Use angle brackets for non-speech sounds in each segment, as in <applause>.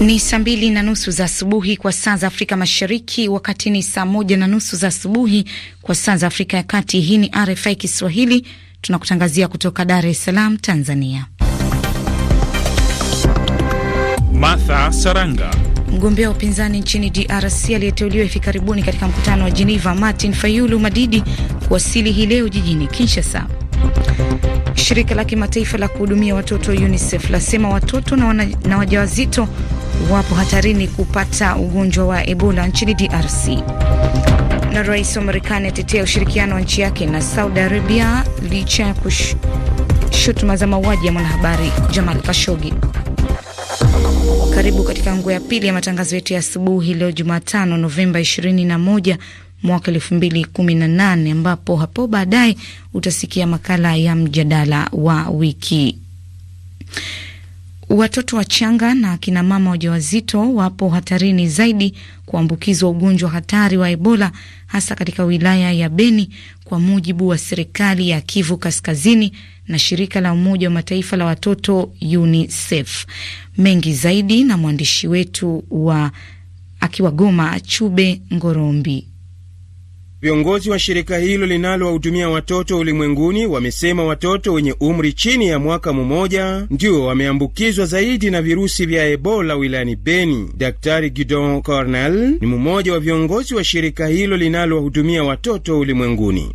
Ni saa mbili na nusu za asubuhi kwa saa za Afrika Mashariki, wakati ni saa moja na nusu za asubuhi kwa saa za Afrika ya Kati. Hii ni RFI Kiswahili, tunakutangazia kutoka Dar es Salaam, Tanzania. Martha Saranga. Mgombea wa upinzani nchini DRC aliyeteuliwa hivi karibuni katika mkutano wa Geneva, Martin Fayulu Madidi, kuwasili hii leo jijini Kinshasa. Shirika la kimataifa la kuhudumia watoto UNICEF lasema watoto na, na wajawazito wapo hatarini kupata ugonjwa wa Ebola nchini DRC. Na rais wa Marekani atetea ushirikiano wa nchi yake na Saudi Arabia licha ya shutuma za mauaji ya mwanahabari Jamal kashogi Karibu katika nguo ya pili ya matangazo yetu ya asubuhi leo Jumatano Novemba 21 mwaka 2018, ambapo hapo baadaye utasikia makala ya mjadala wa wiki. Watoto wachanga na akina mama wajawazito wapo hatarini zaidi kuambukizwa ugonjwa hatari wa Ebola hasa katika wilaya ya Beni kwa mujibu wa serikali ya Kivu Kaskazini na shirika la Umoja wa Mataifa la watoto UNICEF. Mengi zaidi na mwandishi wetu wa akiwa Goma Chube Ngorombi. Viongozi wa shirika hilo linalowahudumia watoto ulimwenguni wamesema watoto wenye umri chini ya mwaka mmoja ndio wameambukizwa zaidi na virusi vya Ebola wilayani Beni. Daktari Gidon Cornel ni mmoja wa viongozi wa shirika hilo linalowahudumia watoto ulimwenguni.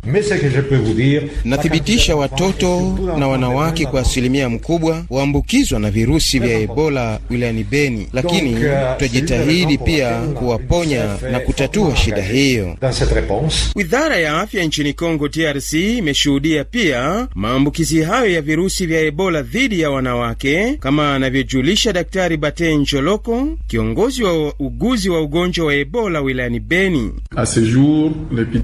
Nathibitisha watoto na wanawake kwa asilimia mkubwa waambukizwa na virusi vya Ebola wilayani Beni, lakini euh, tutajitahidi pia kuwaponya na kutatua shida hiyo. Wizara ya afya nchini Kongo DRC imeshuhudia pia maambukizi hayo ya virusi vya Ebola dhidi ya wanawake, kama anavyojulisha Daktari Bate Ncholoko, kiongozi wa uguzi wa ugonjwa wa Ebola wilayani Beni.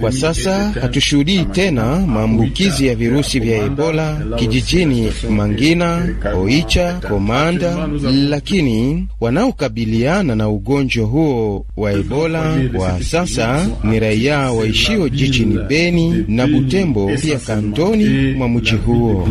Kwa sasa hatushuhudii tena maambukizi ya virusi vya Ebola kijijini Mangina, Oicha, Komanda, lakini wanaokabiliana na ugonjwa huo wa Ebola kwa sasa ni raia wa zinazoishiwa jijini Beni na Butembo, pia kantoni mwa mji huo.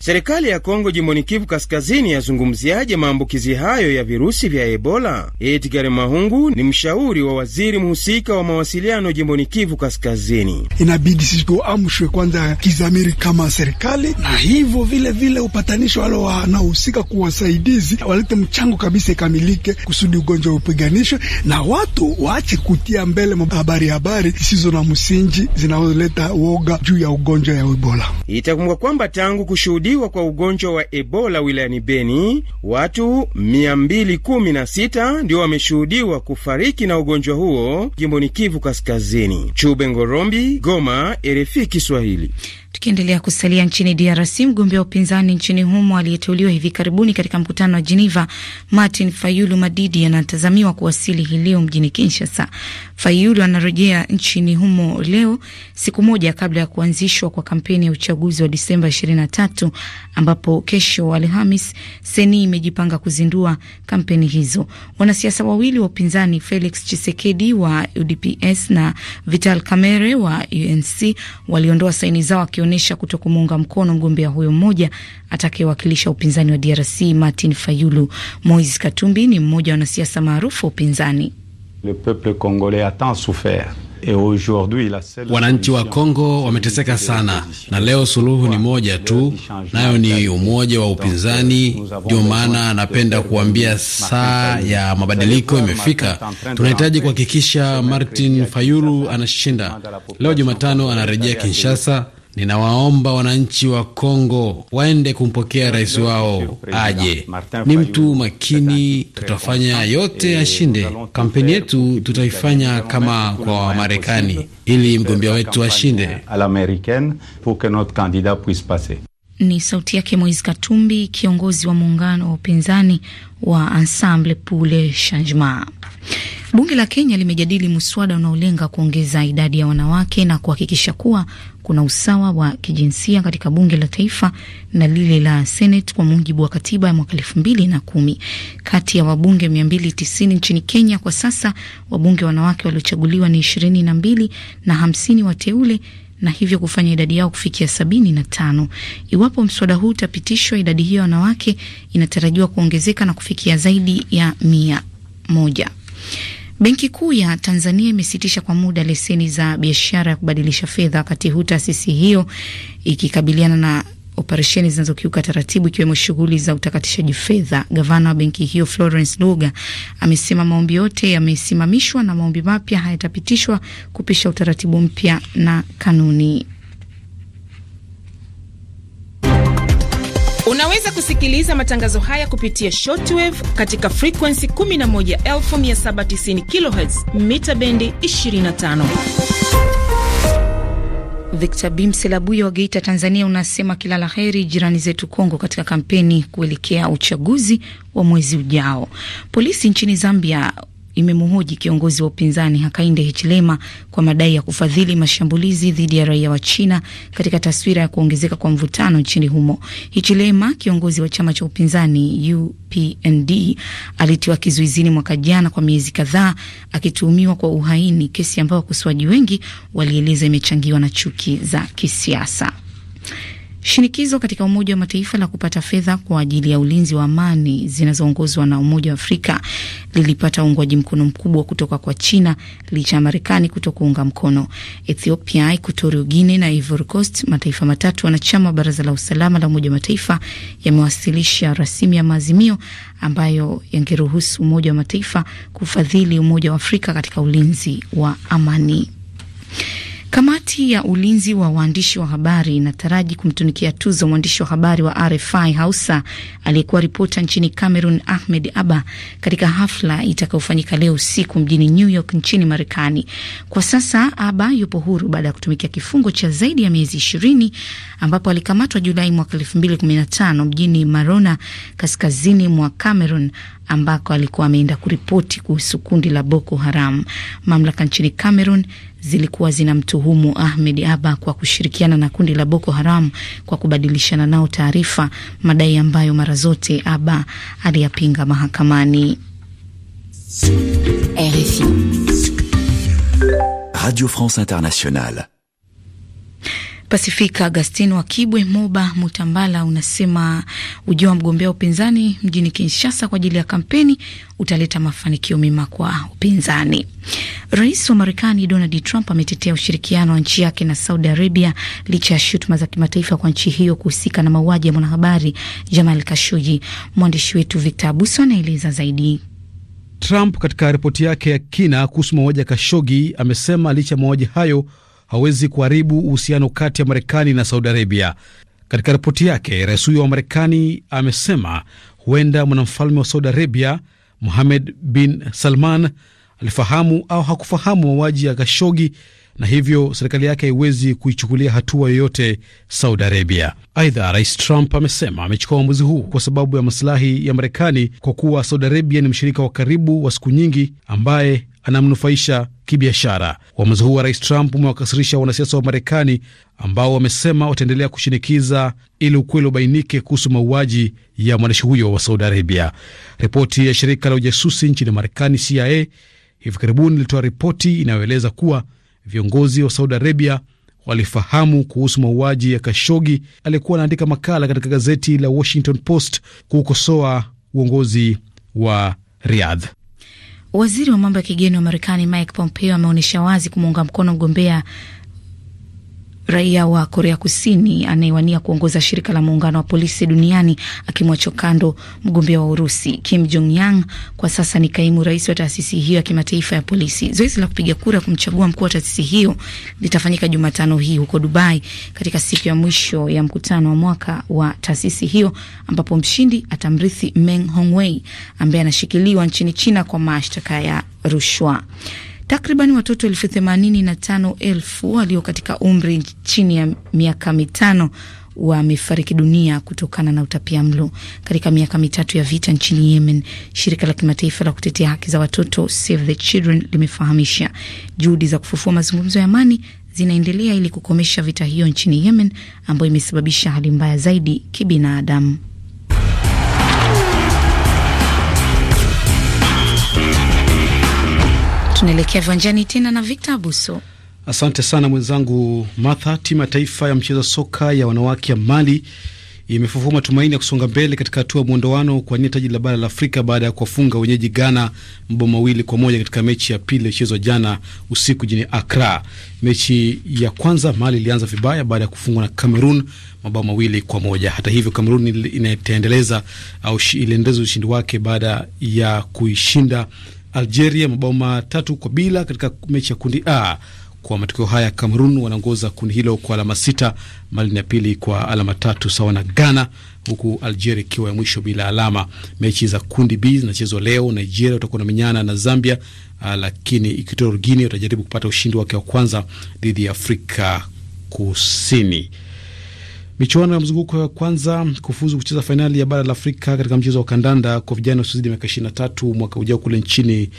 Serikali ya Kongo jimboni Kivu Kaskazini yazungumziaje maambukizi hayo ya virusi vya Ebola? Edgar Mahungu ni mshauri wa waziri mhusika wa mawasiliano jimboni Kivu Kaskazini. Inabidi sisi tuamshwe kwanza kizamiri kama serikali, na hivyo vile vile upatanisho wale wanaohusika kuwasaidizi walete mchango kabisa ikamilike, kusudi ugonjwa upiganishwe na watu waache kutia mbele mab habari habari zisizo na msingi zinazoleta woga juu ya ugonjwa ya Ebola. Itakumbuka kwamba tangu kushuhudiwa kwa ugonjwa wa Ebola wilayani Beni, watu 216 ndio wameshuhudiwa kufariki na ugonjwa huo jimboni Kivu Kaskazini. Chube Ngorombi, Goma, RFI Kiswahili. Tukiendelea kusalia nchini DRC, mgombea wa upinzani nchini humo aliyeteuliwa hivi karibuni katika mkutano wa Geneva, Martin Fayulu Madidi, anatazamiwa kuwasili hii leo mjini Kinshasa. Fayulu anarejea nchini humo leo, siku moja kabla ya kuanzishwa kwa kampeni ya uchaguzi wa Disemba 23, ambapo kesho Alhamis Seni imejipanga kuzindua kampeni hizo. Wanasiasa wawili wa upinzani Felix Chisekedi wa UDPS na Vital Kamerhe wa UNC waliondoa saini zao akionyesha kuto kumuunga mkono mgombea huyo mmoja atakayewakilisha upinzani wa DRC Martin Fayulu. Moise Katumbi ni mmoja wa wanasiasa maarufu wa upinzani. Wananchi wa Kongo wameteseka sana, na leo suluhu ni moja tu, nayo ni umoja wa upinzani. Euh, Ndio maana napenda kuambia saa ya mabadiliko imefika. Tunahitaji kuhakikisha Martin Fayulu anashinda. Leo Jumatano anarejea Kinshasa Ninawaomba wananchi wa Kongo waende kumpokea rais wao aje. Ni mtu makini, tutafanya yote ashinde. Kampeni yetu tutaifanya kama kwa Wamarekani ili mgombea wetu ashinde. Ni sauti yake Moise Katumbi, kiongozi wa muungano wa upinzani wa Ensemble pour le Changement. Bunge la Kenya limejadili mswada unaolenga kuongeza idadi ya wanawake na kuhakikisha kuwa kuna usawa wa kijinsia katika bunge la taifa na lile la Senate kwa mujibu wa katiba ya mwaka elfu mbili na kumi. Kati ya wabunge tisini nchini Kenya kwa sasa, wabunge wanawake waliochaguliwa ni ishirini na mbili na hamsini wateule na hivyo kufanya idadi yao kufikia sabini na tano. Iwapo mswada huu utapitishwa, idadi hiyo ya wanawake inatarajiwa kuongezeka na kufikia zaidi ya mia moja. Benki Kuu ya Tanzania imesitisha kwa muda leseni za biashara ya kubadilisha fedha, wakati huu taasisi hiyo ikikabiliana na operesheni zinazokiuka taratibu ikiwemo shughuli za utakatishaji fedha. Gavana wa benki hiyo Florence Luga amesema maombi yote yamesimamishwa na maombi mapya hayatapitishwa kupisha utaratibu mpya na kanuni. Unaweza kusikiliza matangazo haya kupitia shortwave katika frequency 11790 kHz mita bendi 25. Victor bimselabuyo wa Geita, Tanzania, unasema kila la heri jirani zetu Kongo katika kampeni kuelekea uchaguzi wa mwezi ujao. Polisi nchini Zambia imemhoji kiongozi wa upinzani Hakainde Hichilema kwa madai ya kufadhili mashambulizi dhidi ya raia wa China katika taswira ya kuongezeka kwa mvutano nchini humo. Hichilema, kiongozi wa chama cha upinzani UPND, alitiwa kizuizini mwaka jana kwa miezi kadhaa akituhumiwa kwa uhaini, kesi ambayo wakosoaji wengi walieleza imechangiwa na chuki za kisiasa. Shinikizo katika Umoja wa Mataifa la kupata fedha kwa ajili ya ulinzi wa amani zinazoongozwa na Umoja wa Afrika lilipata uungwaji mkono mkubwa kutoka kwa China licha ya Marekani kuto kuunga mkono. Ethiopia, Equatorial Guinea na Ivory Coast, mataifa matatu wanachama wa Baraza la Usalama la Umoja wa Mataifa, yamewasilisha rasimu ya maazimio ambayo yangeruhusu Umoja wa Mataifa kufadhili Umoja wa Afrika katika ulinzi wa amani. Kamati ya ulinzi wa waandishi wa habari inataraji kumtunikia tuzo mwandishi wa habari wa RFI Hausa aliyekuwa ripota nchini Cameroon, Ahmed Abba, katika hafla itakayofanyika leo usiku mjini New York nchini Marekani. Kwa sasa Abba yupo huru baada ya kutumikia kifungo cha zaidi ya miezi ishirini ambapo alikamatwa Julai mwaka elfu mbili kumi na tano mjini Marona, kaskazini mwa Cameroon ambako alikuwa ameenda kuripoti kuhusu kundi la Boko Haram. Mamlaka nchini Cameroon zilikuwa zinamtuhumu Ahmed Aba kwa kushirikiana na kundi la Boko Haram kwa kubadilishana nao taarifa, madai ambayo mara zote Aba aliyapinga mahakamani. RFI Radio France Internationale. Pasifika agastin wa Kibwe Moba Mutambala unasema ujio wa mgombea wa upinzani mjini Kinshasa kwa ajili ya kampeni utaleta mafanikio mema kwa upinzani. Rais wa Marekani Donald Trump ametetea ushirikiano wa nchi yake na Saudi Arabia licha ya shutuma za kimataifa kwa nchi hiyo kuhusika na mauaji ya mwanahabari Jamal Kashoji. Mwandishi wetu Victor Abuso anaeleza zaidi. Trump katika ripoti yake ya kina kuhusu mauaji ya Kashogi amesema licha ya mauaji hayo hawezi kuharibu uhusiano kati ya Marekani na Saudi Arabia. Katika ripoti yake, rais huyo wa Marekani amesema huenda mwanamfalme wa Saudi Arabia muhamed bin Salman alifahamu au hakufahamu mauaji ya Kashogi na hivyo serikali yake haiwezi kuichukulia hatua yoyote Saudi Arabia. Aidha, rais Trump amesema amechukua uamuzi huu kwa sababu ya masilahi ya Marekani, kwa kuwa Saudi Arabia ni mshirika wa karibu wa siku nyingi ambaye anamnufaisha kibiashara. Uamuzi huu wa rais Trump umewakasirisha wanasiasa wa Marekani ambao wamesema wataendelea kushinikiza ili ukweli ubainike kuhusu mauaji ya mwandishi huyo wa Saudi Arabia. Ripoti ya shirika la ujasusi nchini Marekani CIA hivi karibuni ilitoa ripoti inayoeleza kuwa viongozi wa Saudi Arabia walifahamu kuhusu mauaji ya Kashogi aliyekuwa anaandika makala katika gazeti la Washington Post kuukosoa uongozi wa Riyadh. Waziri wa mambo ya kigeni wa Marekani Mike Pompeo ameonyesha wazi kumuunga mkono mgombea raia wa Korea Kusini anayewania kuongoza shirika la muungano wa polisi duniani akimwacho kando mgombea wa Urusi Kim Jong Yang, kwa sasa ni kaimu rais wa taasisi hiyo ya kimataifa ya polisi. Zoezi la kupiga kura kumchagua mkuu wa taasisi hiyo litafanyika Jumatano hii huko Dubai, katika siku ya mwisho ya mkutano wa mwaka wa taasisi hiyo, ambapo mshindi atamrithi Meng Hongwei ambaye anashikiliwa nchini China kwa mashtaka ya rushwa. Takriban watoto elfu themanini na tano elfu walio katika umri chini ya miaka mitano wamefariki dunia kutokana na utapia mlo katika miaka mitatu ya vita nchini Yemen. Shirika la kimataifa la kutetea haki za watoto Save the Children limefahamisha juhudi za kufufua mazungumzo ya amani zinaendelea ili kukomesha vita hiyo nchini Yemen ambayo imesababisha hali mbaya zaidi kibinadamu. Tunaelekea viwanjani tena na Victor Abuso. Asante sana mwenzangu Martha. Timu ya taifa ya mchezo soka ya wanawake ya Mali imefufua matumaini ya kusonga mbele katika hatua ya mwondoano kwa nia taji la bara la Afrika baada ya kuwafunga wenyeji Ghana mabao mawili kwa moja katika mechi ya pili iliyochezwa jana usiku jini Akra. Mechi ya kwanza Mali ilianza vibaya baada ya kufungwa na Cameroon mabao mawili kwa moja. Hata hivyo, Cameroon inaendeleza au iliendeleza ushindi wake baada ya kuishinda Algeria mabao matatu kwa bila katika mechi ya kundi A. Kwa matokeo haya, Cameroon wanaongoza kundi hilo kwa alama sita, Mali ya pili kwa alama tatu sawa na Ghana, huku Algeria ikiwa ya mwisho bila alama. Mechi za kundi B zinachezwa leo. Nigeria utakuwa na menyana na Zambia, ah, lakini Equatorial Guinea utajaribu kupata ushindi wake wa kwanza dhidi ya Afrika Kusini. Michuano ya mzunguko wa kwanza kufuzu kucheza fainali ya bara la Afrika katika mchezo wa kandanda kwa vijana wasiozidi miaka ishirini na tatu mwaka ujao kule nchini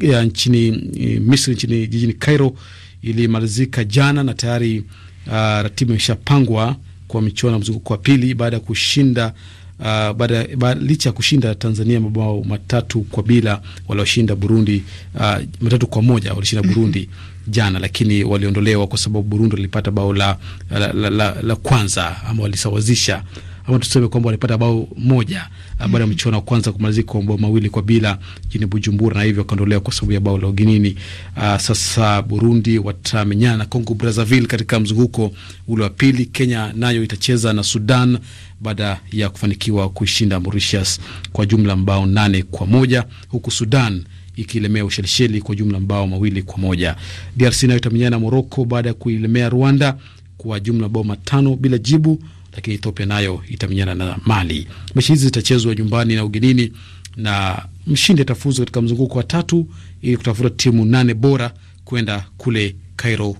ya nchini eh, Misri nchini jijini Cairo ilimalizika jana na tayari uh, ah, ratiba imeshapangwa kwa michuano ya mzunguko wa pili baada ya kushinda Uh, baada, licha ya kushinda Tanzania mabao matatu kwa bila walioshinda Burundi uh, matatu kwa moja walishinda <laughs> Burundi jana, lakini waliondolewa kwa sababu Burundi walipata bao la, la, la, la, la kwanza ama walisawazisha ama tuseme kwamba walipata bao moja uh, baada ya mchuano wa kwanza kumalizika kwa mabao mawili kwa bila jini Bujumbura, na hivyo wakaondolewa kwa sababu ya bao la ugenini. Uh, sasa Burundi watamenyana na Congo Brazzaville katika mzunguko ule wa pili. Kenya nayo itacheza na Sudan baada ya kufanikiwa kuishinda Mauritius kwa jumla mbao nane kwa moja huku Sudan ikiilemea Ushelisheli kwa jumla mabao mawili kwa moja. DRC nayo itamenyana na Moroko baada ya kuilemea Rwanda kwa jumla mabao matano bila jibu, lakini Ethiopia nayo itamenyana na Mali. Mechi hizi zitachezwa nyumbani na ugenini na mshindi atafuzu katika mzunguko wa tatu ili kutafuta timu nane bora kwenda kule Cairo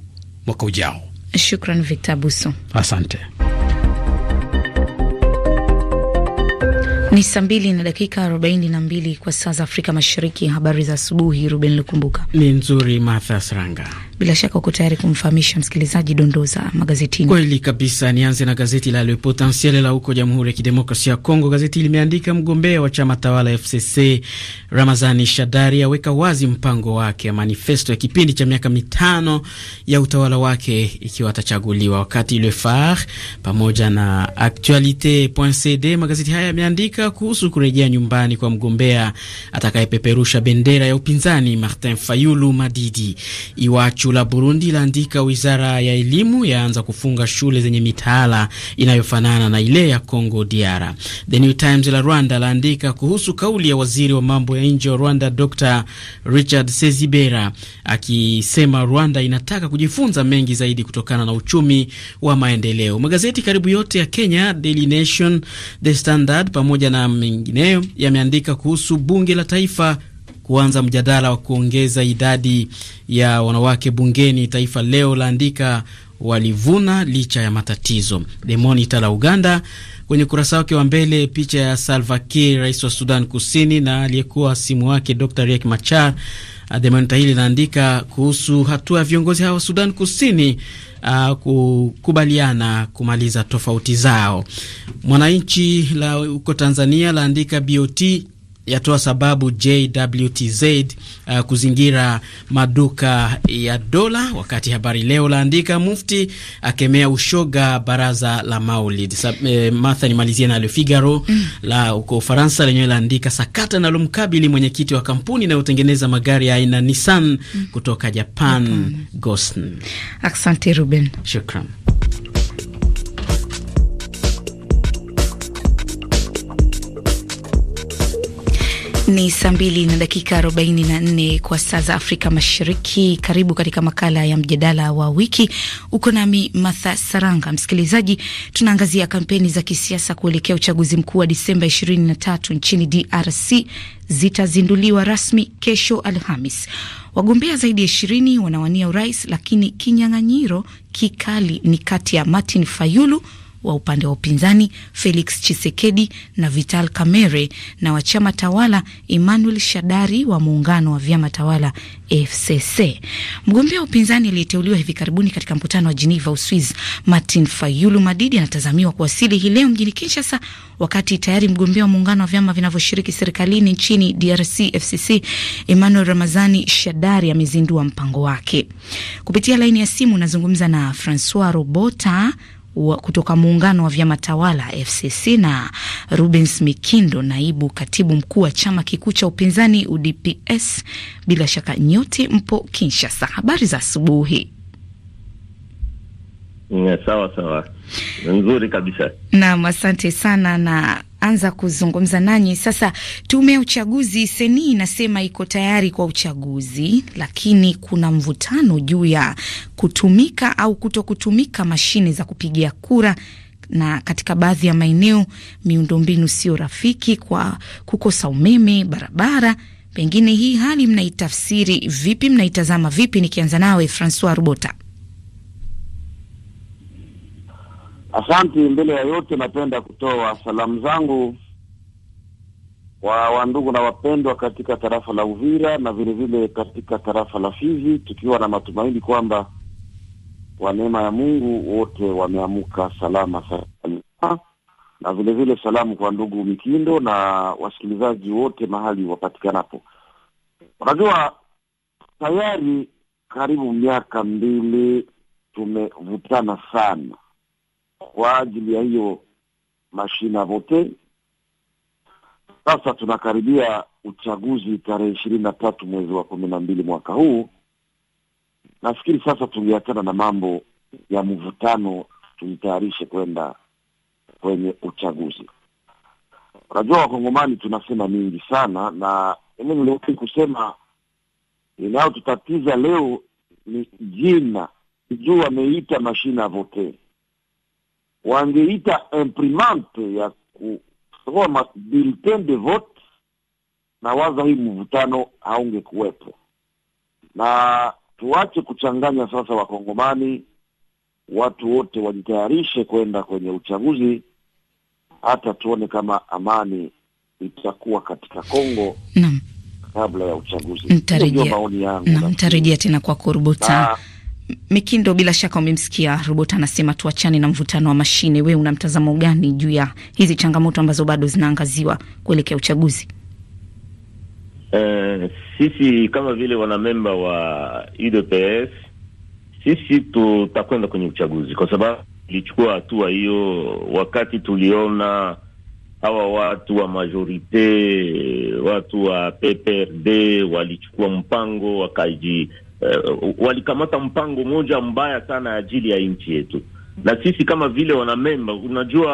mwaka ujao. Shukran Victor Buso, asante. Ni saa mbili na dakika arobaini na mbili kwa saa za Afrika Mashariki. Habari za asubuhi, Ruben Lukumbuka. Ni nzuri, Martha Saranga. Bila shaka uko tayari kumfahamisha msikilizaji dondoo za magazetini. Kweli kabisa, nianze na gazeti la Le Potentiel la huko Jamhuri ya Kidemokrasia ya Kongo. Gazeti limeandika mgombea wa chama tawala FCC Ramazani Shadari aweka wazi mpango wake, manifesto ya kipindi cha miaka mitano ya utawala wake ikiwa atachaguliwa. Wakati Le Phare pamoja na Actualite.cd magazeti haya yameandika kuhusu kurejea nyumbani kwa mgombea atakayepeperusha bendera ya upinzani Martin Fayulu Madidi iwacho Iwacu la Burundi laandika wizara ya elimu yaanza kufunga shule zenye mitaala inayofanana na ile ya Congo DR. The New Times la Rwanda laandika kuhusu kauli ya waziri wa mambo ya nje wa Rwanda Dr Richard Sezibera akisema Rwanda inataka kujifunza mengi zaidi kutokana na uchumi wa maendeleo. Magazeti karibu yote ya Kenya, Daily Nation, The Standard pamoja na mengineyo yameandika kuhusu bunge la taifa kuanza mjadala wa kuongeza idadi ya wanawake bungeni. Taifa Leo laandika walivuna licha ya matatizo. The Monitor la Uganda kwenye ukurasa wake wa mbele picha ya Salva Kiir, rais wa Sudan Kusini, na aliyekuwa simu wake Dr Riek Machar. The Monitor hili linaandika kuhusu hatua ya viongozi hawa wa Sudan Kusini uh, kukubaliana kumaliza tofauti zao. Mwananchi la huko Tanzania laandika BOT yatoa sababu JWTZ uh, kuzingira maduka ya dola, wakati Habari Leo laandika mufti akemea ushoga baraza la Maulid. Eh, Martha, nimalizie na Le Figaro mm, la uko Ufaransa lenyewe laandika sakata nalomkabili mwenyekiti wa kampuni inayotengeneza magari ya aina Nissan mm, kutoka Japan, Japan. Gosn. Asante Ruben. Shukran. Ni saa mbili na dakika 44 kwa saa za Afrika Mashariki. Karibu katika makala ya mjadala wa wiki. Uko nami Martha Saranga. Msikilizaji, tunaangazia kampeni za kisiasa kuelekea uchaguzi mkuu wa Disemba 23 nchini DRC zitazinduliwa rasmi kesho Alhamis. Wagombea zaidi ya ishirini wanawania urais, lakini kinyang'anyiro kikali ni kati ya Martin Fayulu wa upande wa upinzani Felix Chisekedi na Vital Kamerhe na wa chama tawala Emmanuel Shadari wa muungano wa vyama tawala FCC. Mgombea wa upinzani aliyeteuliwa hivi karibuni katika mkutano wa Geneva, Uswiz, Martin Fayulu Madidi anatazamiwa kuwasili hii leo mjini Kinshasa, wakati tayari mgombea wa muungano wa vyama vinavyoshiriki serikalini nchini DRC FCC Emmanuel Ramazani Shadari amezindua mpango wake. Kupitia laini ya simu nazungumza na Francois Robota wa kutoka muungano wa vyama tawala FCC na Rubens Mikindo, naibu katibu mkuu wa chama kikuu cha upinzani UDPS. Bila shaka nyote mpo Kinshasa. Habari za asubuhi. Sawa sawa, nzuri kabisa. Naam, asante sana na anza kuzungumza nanyi sasa. Tume ya uchaguzi seni inasema iko tayari kwa uchaguzi, lakini kuna mvutano juu ya kutumika au kuto kutumika mashine za kupigia kura na katika baadhi ya maeneo miundombinu sio rafiki kwa kukosa umeme, barabara. Pengine hii hali mnaitafsiri vipi? Mnaitazama vipi? Nikianza nawe Francois Rubota. Asante. Mbele ya yote, napenda kutoa salamu zangu kwa wandugu na wapendwa katika tarafa la Uvira na vilevile katika tarafa la Fizi, tukiwa na matumaini kwamba kwa neema ya Mungu wote wameamuka salama salama, na vilevile vile salamu kwa ndugu Mikindo na wasikilizaji wote mahali wapatikanapo. Unajua, tayari karibu miaka mbili tumevutana sana kwa ajili ya hiyo mashina vote. Sasa tunakaribia uchaguzi tarehe ishirini na tatu mwezi wa kumi na mbili mwaka huu. Nafikiri sasa tungeachana na mambo ya mvutano, tujitayarishe kwenda kwenye uchaguzi. Unajua, wakongomani tunasema mingi sana, na mimi niliwahi kusema inayotutatiza leo ni jina, sijuu wameita ya vote wangeita imprimante ya kusoma bulletin de vote, na waza hii mvutano haungekuwepo. Na tuache kuchanganya sasa, Wakongomani watu wote wajitayarishe kwenda kwenye uchaguzi, hata tuone kama amani itakuwa katika Kongo kabla ya uchaguzi. Ndio maoni yangu, mtarejea tena kurubuta na, Mekindo, bila shaka umemsikia Robot anasema tuachane na mvutano wa mashine. Wewe una mtazamo gani juu ya hizi changamoto ambazo bado zinaangaziwa kuelekea uchaguzi? Eh, sisi kama vile wanamemba wa UDPS sisi tutakwenda kwenye uchaguzi kwa sababu tulichukua hatua hiyo wakati tuliona hawa watu wa majorite, watu wa PPRD walichukua mpango wakaji uh, walikamata mpango moja mbaya sana ajili ya nchi yetu na sisi kama vile wanamemba, unajua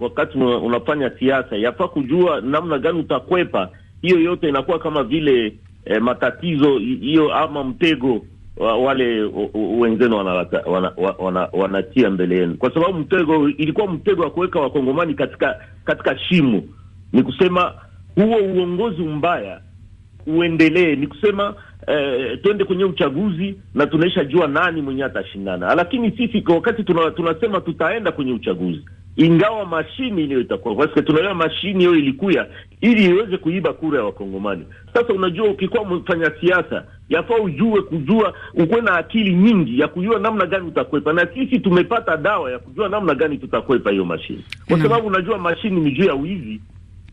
wakati unafanya siasa yafaa kujua namna gani utakwepa hiyo yote. Inakuwa kama vile eh, matatizo hiyo ama mtego wa, wale wenzenu wanatia wana, wana, wana, wana mbele yenu, kwa sababu mtego ilikuwa mtego wa kuweka wakongomani katika katika shimo. Ni kusema huo uongozi mbaya uendelee, ni kusema eh, twende kwenye uchaguzi na tunaisha jua nani mwenye atashindana. Lakini sisi kwa wakati tuna, tunasema tutaenda kwenye uchaguzi ingawa mashini ile itakuwa sababu tunaelewa mashini hiyo ilikuya ili iweze kuiba kura ya Wakongomani. Sasa unajua, ukikuwa mfanya siasa yafaa ujue kujua, ukuwe na akili nyingi ya kujua namna gani utakwepa, na sisi tumepata dawa ya kujua namna gani tutakwepa hiyo mashini, kwa sababu unajua mashini ni juu ya wizi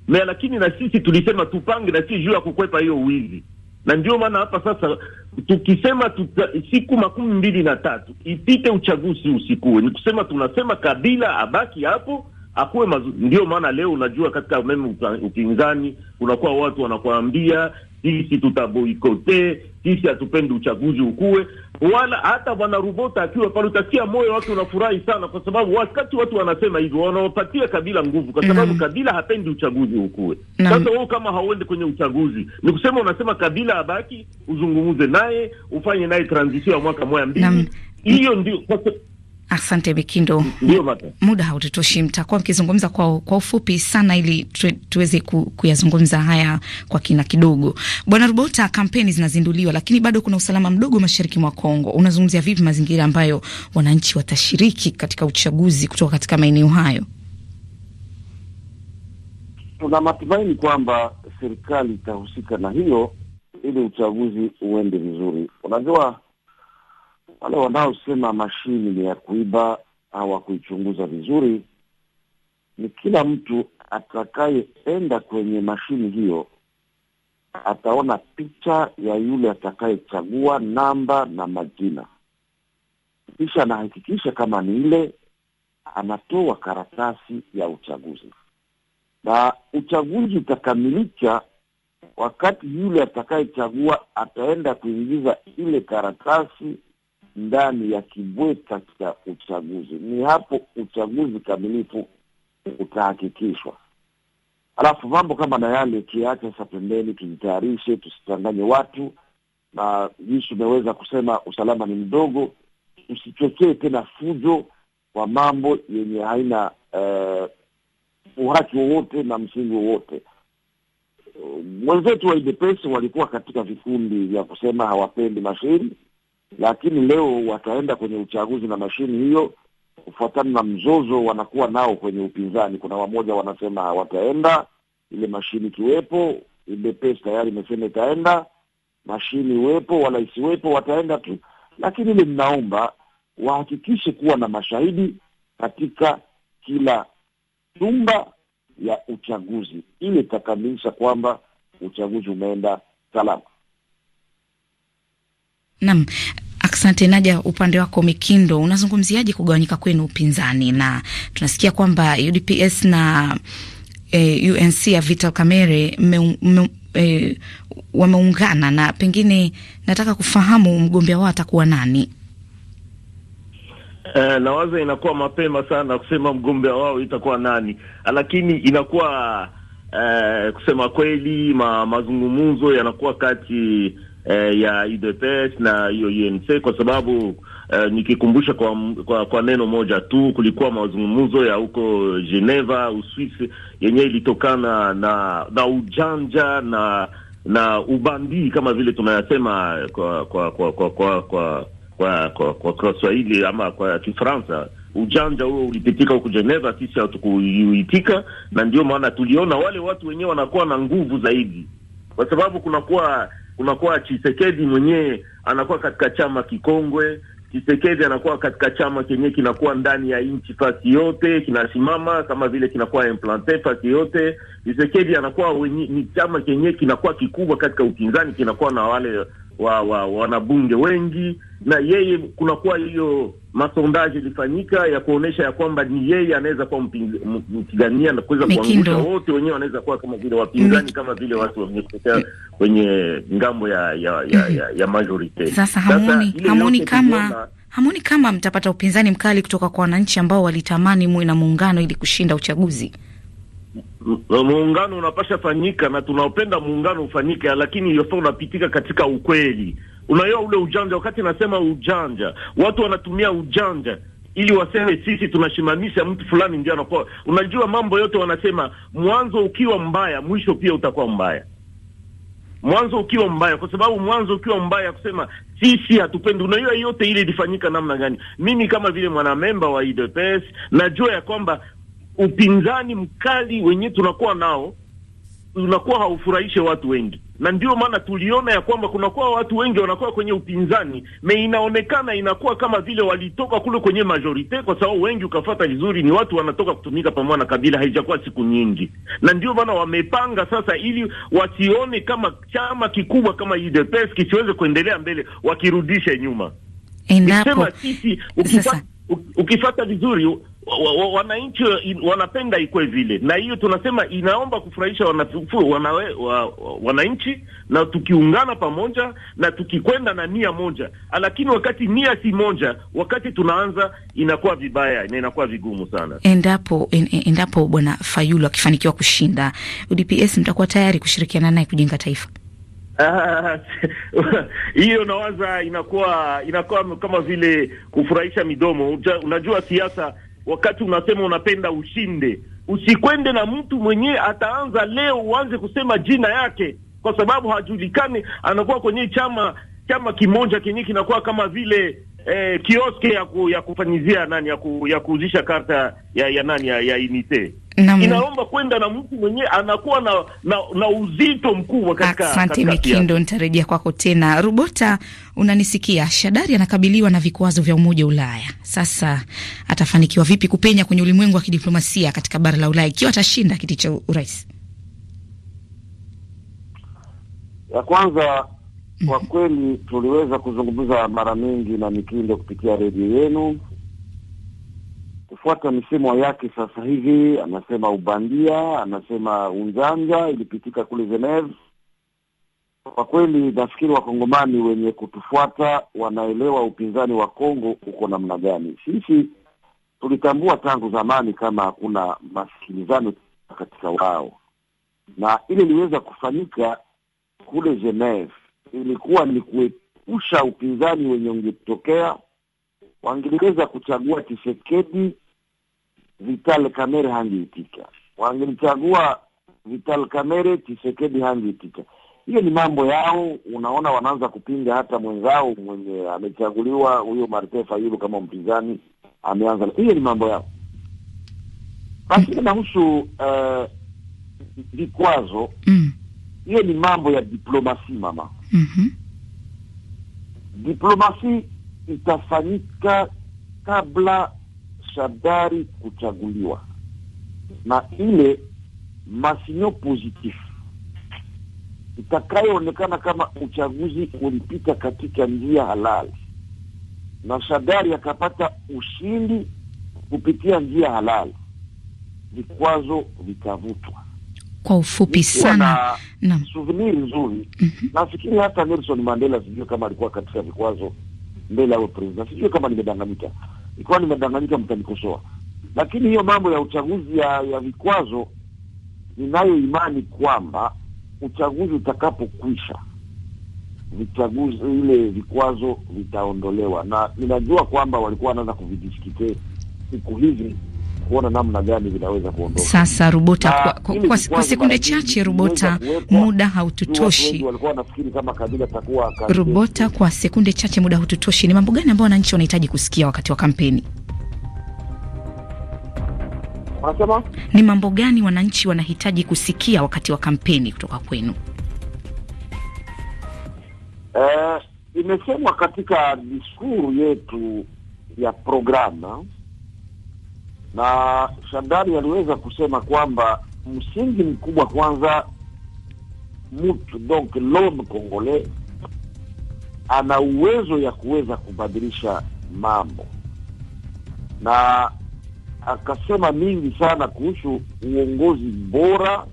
me, lakini na sisi tulisema tupange na si juu ya kukwepa hiyo wizi, na ndio maana hapa sasa tukisema tuta, siku makumi mbili na tatu ipite uchaguzi usikuwe, ni kusema tunasema Kabila abaki hapo akuwe mazuri. Ndio maana leo unajua katika mema upinzani kunakuwa watu wanakuambia sisi tutaboikote, sisi hatupendi uchaguzi ukuwe, wala hata bwana Rubota akiwa pale, utasikia moyo wake unafurahi sana, kwa sababu wakati watu wanasema hivyo wanawapatia Kabila nguvu, kwa sababu mm. Kabila hapendi uchaguzi ukuwe. Sasa wewe kama hauende kwenye uchaguzi, ni kusema unasema Kabila abaki, uzungumze naye, ufanye naye transition ya mwaka moya mbili, hiyo ndio Asante Bikindo, muda haututoshi, mtakuwa mkizungumza kwa, kwa ufupi sana ili tuweze ku, kuyazungumza haya kwa kina kidogo. Bwana Rubota, kampeni zinazinduliwa, lakini bado kuna usalama mdogo mashariki mwa Kongo. Unazungumzia vipi mazingira ambayo wananchi watashiriki katika uchaguzi kutoka katika maeneo hayo? Tuna matumaini kwamba serikali itahusika na hiyo ili uchaguzi uende vizuri. Unajua wale wanaosema mashini ni ya kuiba, au kuichunguza vizuri. Ni kila mtu atakayeenda kwenye mashini hiyo ataona picha ya yule atakayechagua, namba na majina, kisha anahakikisha kama ni ile, anatoa karatasi ya uchaguzi, na uchaguzi utakamilika wakati yule atakayechagua ataenda kuingiza ile karatasi ndani ya kibweta cha uchaguzi. Ni hapo uchaguzi kamilifu utahakikishwa. Alafu mambo kama na yale tuache sasa pembeni, tujitayarishe, tusichanganye watu, na jinsi umeweza kusema usalama ni mdogo, tusichochee tena fujo kwa mambo yenye haina uh, uhaki wowote na msingi wowote. Wenzetu wa UDPS walikuwa katika vikundi vya kusema hawapendi mashairi lakini leo wataenda kwenye uchaguzi na mashini hiyo kufuatana na mzozo wanakuwa nao kwenye upinzani. Kuna wamoja wanasema hawataenda, ile mashini ikiwepo. UDPS tayari imesema itaenda, mashini iwepo wala isiwepo, wataenda tu, lakini ile ninaomba wahakikishe kuwa na mashahidi katika kila chumba ya uchaguzi, ili itakamilisha kwamba uchaguzi umeenda salama. Naam. Asante Naja, upande wako Mikindo, unazungumziaje kugawanyika kwenu upinzani? Na tunasikia kwamba UDPS na e, eh, UNC ya Vital Kamerhe e, wameungana, na pengine nataka kufahamu mgombea wao atakuwa nani? E, nawaza inakuwa mapema sana kusema mgombea wao itakuwa nani, lakini inakuwa eh, kusema kweli ma, mazungumzo yanakuwa kati eh, ya UDPS na hiyo UNC kwa sababu eh, nikikumbusha kwa, kwa, kwa neno moja tu, kulikuwa mazungumzo ya huko Geneva Uswisi yenyewe ilitokana na, na ujanja na na ubandii kama vile tunayasema kwa kwa kwa kwa kwa kwa kwa, kwa, kwa, kwa Kiswahili ama kwa kifransa ujanja huo ulipitika huko Geneva, sisi hatukuitika, na ndio maana tuliona wale watu wenyewe wanakuwa na nguvu zaidi, kwa sababu kunakuwa kunakuwa Chisekedi mwenyewe anakuwa katika chama kikongwe. Chisekedi anakuwa katika chama chenyewe kinakuwa ndani ya nchi fasi yote kinasimama kama vile kinakuwa implante fasi yote. Chisekedi anakuwa wenye, ni chama chenyewe kinakuwa kikubwa katika upinzani, kinakuwa na wale wa, wa wanabunge wengi, na yeye kunakuwa hiyo masondaji ilifanyika ya kuonesha ya kwamba ni yeye anaweza kuwa mpigania na kuweza kuangusha wote, wenyewe wanaweza kuwa kama vile wapinzani, kama vile watu wenye kwenye ngambo ya ya ya, ya, ya majority. Sasa hamoni, hamoni kama hamoni kama mtapata upinzani mkali kutoka kwa wananchi ambao walitamani muwe na muungano ili kushinda uchaguzi muungano unapasha fanyika na tunaopenda muungano ufanyike, lakini yofa unapitika katika ukweli. Unaiwa ule ujanja, wakati nasema ujanja, watu wanatumia ujanja ili waseme sisi tunashimamisha mtu fulani ndio anakuwa. Unajua, mambo yote wanasema mwanzo ukiwa mbaya, mwisho pia utakuwa mbaya. Mwanzo ukiwa mbaya, kwa sababu mwanzo ukiwa mbaya kusema sisi hatupendi. Unajua yote ile ilifanyika namna gani? Mimi kama vile mwanamemba wa UDPS najua ya kwamba upinzani mkali wenyewe tunakuwa nao unakuwa haufurahishe watu wengi, na ndio maana tuliona ya kwamba kunakuwa watu wengi wanakuwa kwenye upinzani me, inaonekana inakuwa kama vile walitoka kule kwenye majorite, kwa sababu wengi, ukafata vizuri, ni watu wanatoka kutumika pamoja na kabila. Haijakuwa siku nyingi, na ndio maana wamepanga sasa, ili wasione kama chama kikubwa kama UDPS kisiweze kuendelea mbele, wakirudishe nyuma. endapo sisi ukipata ukifata vizuri wananchi wanapenda ikwe vile, na hiyo tunasema inaomba kufurahisha wananchi, na tukiungana pamoja na tukikwenda na nia moja, lakini wakati nia si moja, wakati tunaanza inakuwa vibaya na inakuwa vigumu sana. Endapo en, endapo Bwana Fayulu akifanikiwa kushinda UDPS, mtakuwa tayari kushirikiana naye kujenga taifa? <laughs> hiyo nawaza inakuwa inakuwa kama vile kufurahisha midomo. Uja, unajua siasa, wakati unasema unapenda ushinde, usikwende na mtu mwenyewe ataanza leo uanze kusema jina yake, kwa sababu hajulikani, anakuwa kwenye chama chama kimoja kenye kinakuwa kama vile eh, kioske ya, ku, ya kufanyizia nani ya, ku, ya kuuzisha karta ya, ya nani ya, ya inite Namu. Inaomba kwenda na mtu mwenyewe anakuwa na, na, na uzito mkubwa katika. Asante Mikindo, nitarejea kwako tena. Rubota, unanisikia? Shadari anakabiliwa na vikwazo vya Umoja wa Ulaya. Sasa atafanikiwa vipi kupenya kwenye ulimwengu wa kidiplomasia katika bara la Ulaya ikiwa atashinda kiti cha urais? Ya kwanza kwa mm-hmm. kweli tuliweza kuzungumza mara mingi na Mikindo kupitia redio yenu kufuata misemo yake sasa hivi, anasema ubandia, anasema unjanja ilipitika kule Geneva. Kwa kweli nafikiri wakongomani wenye kutufuata wanaelewa upinzani wa Kongo uko namna gani. Sisi tulitambua tangu zamani kama hakuna masikilizano katika wao, na ile iliweza kufanyika kule genev ilikuwa ni kuepusha upinzani wenye ungetokea wangeliweza kuchagua Tshisekedi Vital Kamerhe hangeitika. Wangemchagua Vital Kamerhe, Tshisekedi hangeitika. Hiyo ni mambo yao. Unaona, wanaanza kupinga hata mwenzao mwenye amechaguliwa huyo Martin Fayulu kama mpinzani ameanza. Hiyo ni mambo yao. Basi mm. inahusu eh, vikwazo mm. Hiyo ni mambo ya diplomasi mama. mm -hmm. Diplomasi itafanyika kabla Shadari kuchaguliwa na ile masinyo positif itakayoonekana kama uchaguzi ulipita katika njia halali na Shadari akapata ushindi kupitia njia halali, vikwazo vikavutwa. Kwa ufupi sana na souvenir nzuri mm -hmm. Nafikiri hata Nelson Mandela sijui kama alikuwa katika vikwazo mbele ya president, sijui kama nimedanganyika ikiwa nimedanganyika, mtanikosoa. Lakini hiyo mambo ya uchaguzi ya, ya vikwazo, ninayo imani kwamba uchaguzi utakapokwisha vichaguzi ile vikwazo vitaondolewa, na ninajua kwamba walikuwa wanaanza kuvidiskite siku hizi kuona namna gani vinaweza kuondoka. Sasa Rubota, kwa, kwa, kwa, kwa sekunde chache Rubota, muda haututoshi. Walikuwa wanafikiri kama Kabila takuwa Rubota, kwa sekunde chache, muda haututoshi. Ni mambo gani ambayo wananchi wanahitaji kusikia wakati wa kampeni? Wanasema ni mambo gani wananchi wanahitaji kusikia wakati wa kampeni kutoka kwenu? Eh, imesemwa katika diskuru yetu ya programa na Shadari aliweza kusema kwamba msingi mkubwa kwanza, mtu donc l'homme congolais ana uwezo ya kuweza kubadilisha mambo, na akasema mingi sana kuhusu uongozi bora,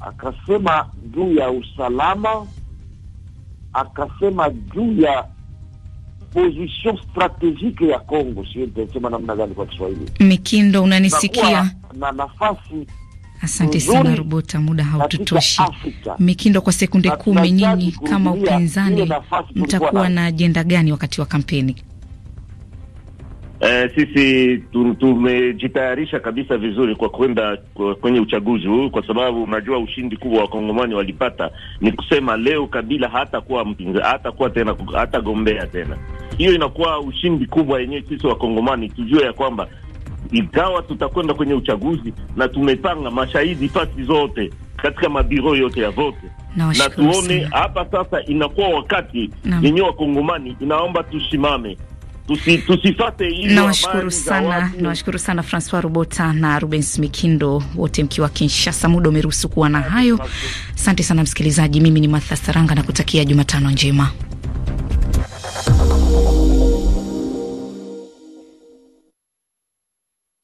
akasema juu ya usalama, akasema juu ya position strategiki ya Kongo, sio nitasema namna gani kwa Kiswahili. Mikindo, unanisikia? na nafasi Asante sana Robota, muda haututoshi. Mikindo, kwa sekunde kumi, nyinyi kama upinzani mtakuwa na ajenda gani wakati wa kampeni? Eh, sisi tumejitayarisha kabisa vizuri kwa kwenda kwenye uchaguzi huu, kwa sababu unajua ushindi kubwa wa Kongomani walipata ni kusema leo Kabila hata kuwa mpinza hata kuwa tena hata gombea tena hiyo inakuwa ushindi kubwa yenyewe. Sisi Wakongomani tujue ya kwamba ikawa tutakwenda kwenye uchaguzi na tumepanga mashahidi fasi zote katika mabiro yote ya vote na, na tuone hapa sasa, inakuwa wakati yenyewe Wakongomani inaomba tusimame Nawashukuru sana, nawashukuru sana Francois Robota na Rubens Mikindo, wote mkiwa Kinshasa. Muda umeruhusu kuwa na hayo. Asante sana msikilizaji, mimi ni Martha Saranga na kutakia Jumatano njema.